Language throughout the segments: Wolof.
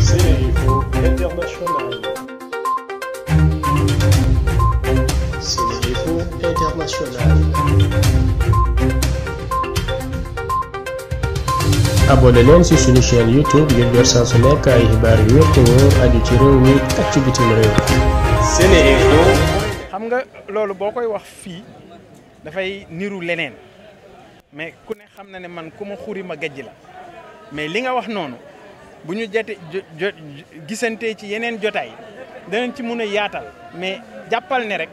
Sénéinfo International. Sénéinfo International. abonné ci suñu YouTube ngir jot saa nekk ay xibaar yu wér te wóor aju ci réew mi ak ci réew. Sénéinfo. xam nga loolu boo koy wax fii dafay niru leneen mais ku ne xam na ne man ku ma xuri ma gajj la. mais li nga wax noonu bu ñu jotee gisantee ci yeneen jotaay danañ ci mun a yaatal mais jàppal ne rek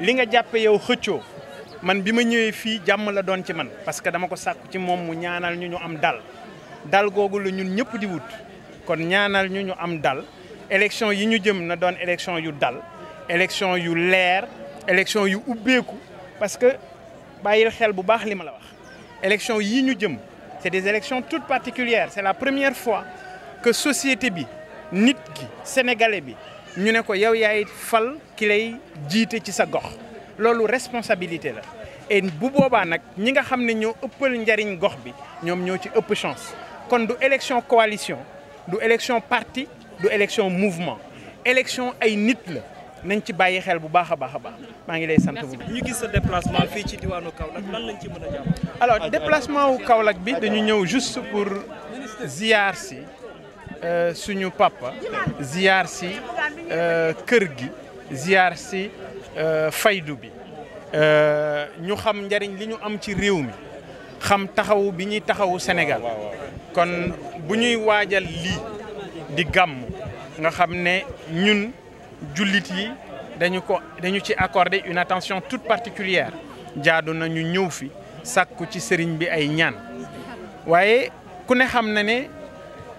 li nga jàppe yow xëccoo man bi ma ñëwee fii jàmm la doon ci man parce que dama ko sàkku ci moom mu ñaanal ñu ñu am dal dal googu la ñun ñëpp di wut kon ñaanal ñu ñu am dal élection yi ñu jëm na doon élection yu dal élection yu leer élection yu ubbeeku parce que bàyyil xel bu baax li ma la wax élection yi ñu jëm c'est des élections toutes particulières c'est la première fois que société bi nit ki sénégalais bi ñu ne ko yow yaay fal ki lay jiite ci sa gox loolu responsabilité la et bu boobaa nag ñi nga xam ne ñoo ëppal njariñ gox bi ñoom ñoo ci ëpp chance kon du élection coalition du élection parti du élection mouvement élection ay nit la nañ ci bàyyi xel bu baax a baax a baax maa ngi lay sant bu ñu gis sa déplacement fii ci diwaanu Kaolack lan lañ ci mën alors déplacement wu Kaolack bi dañu ñëw juste pour ziar si euh, suñu papa ziar si euh, kër gi ziar si euh, faydu bi ñu xam njariñ li ñu am ci réew mi xam taxawu bi ñuy taxawu Sénégal kon bu ñuy waajal lii di gàmm nga xam ne ñun jullit yi dañu ko dañu ci accorder une attention toute particulière jaadu na ñu ñëw fi sàkku ci sëriñ bi ay ñaan waaye ku ne xam na ne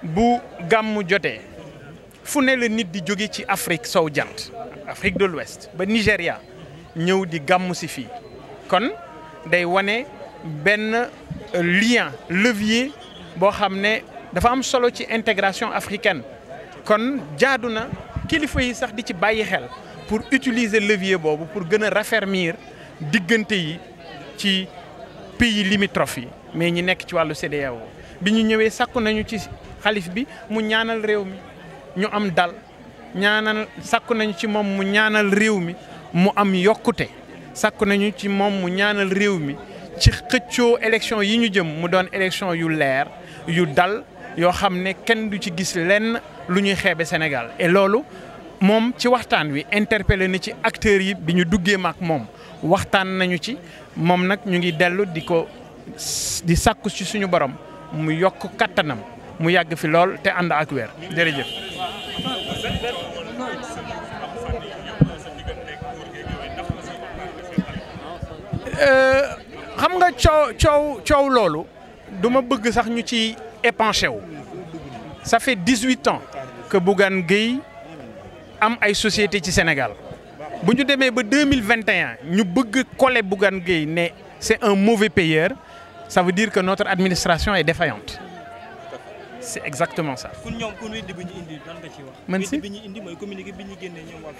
bu gàmmu jotee fu ne la nit di jóge ci Afrique sow jant Afrique de l'Ouest ba Nigéria ñëw di gàmmu si fii kon day wane benn lien levier boo xam ne dafa am solo ci intégration africaine kon jaadu na kilifa yi sax di ci bàyyi xel pour utiliser levier boobu pour gën a raffermir diggante yi ci pays limitrophes yi mais ñi nekk ci wàllu sede CEDEAO bi ñu ñëwee sakku nañu ci xalif bi mu ñaanal réew mi ñu am dal ñaanal sakku nañu ci moom mu ñaanal réew mi mu am yokkute sàkk nañu ci moom mu ñaanal réew mi ci xëccoo élection yi ñu jëm mu doon élection yu leer yu dal yoo xam ne kenn du ci gis lenn lu ñuy xeebe senegal e loolu moom ci waxtaan wi interpellé na ci acteurs yi bi ñu duggee maak moom waxtaan nañu ci moom nag ñu ngi dellu di ko di sàkku ci suñu borom mu yokk kattanam mu yàgg fi lool te ànd ak weer jërëjëf. Euh, xam nga coow coow coow loolu duma bëgg sax ñu ci épanché wu ça fait dix-huit ans que Bougane Gueye am ay société ci Sénégal bu ñu demee ba deux mille vingt et ñu bëgg coller Bougane Gueye ne c'est un mauvais payeur ça veut dire que notre administration est défaillante c'est exactement sax kon ñoom kon ci wax. man si bi ñu indi mooy communiqué bi ñu génnee ñoom waa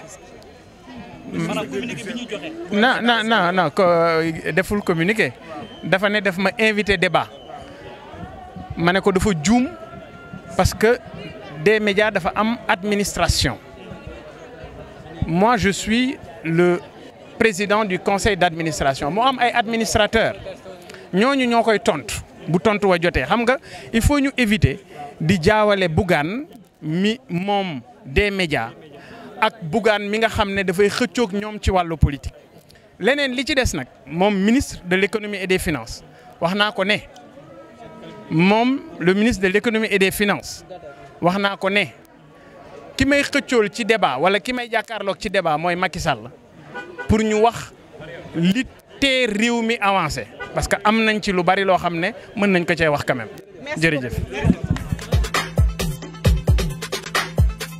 mm. deful communiqué. dafa ne daf ma invité débat. ma ne ko dafa juum parce que des médias dafa am administration moi je suis le président du conseil d'administration moo am ay administrateurs ñooñu ñoo koy tontu bu tontu wa jotee xam nga il faut ñu éviter di jaawale Bougane mi moom des médias ak Bougane mi nga xam ne dafay xëccoog ñoom ci wàllu politique leneen li ci des nag moom ministre de l'économie et des finances wax naa ko ne moom le ministre de l'économie et des finances wax naa ko ne ki may xëccool ci débat wala ki may jàkkaarloog ci débat mooy Macky Sall pour ñu wax li te réew mi avancé parce que am nañ ci lu bari loo xam ne mën nañ ko cee wax quand même jërëjëf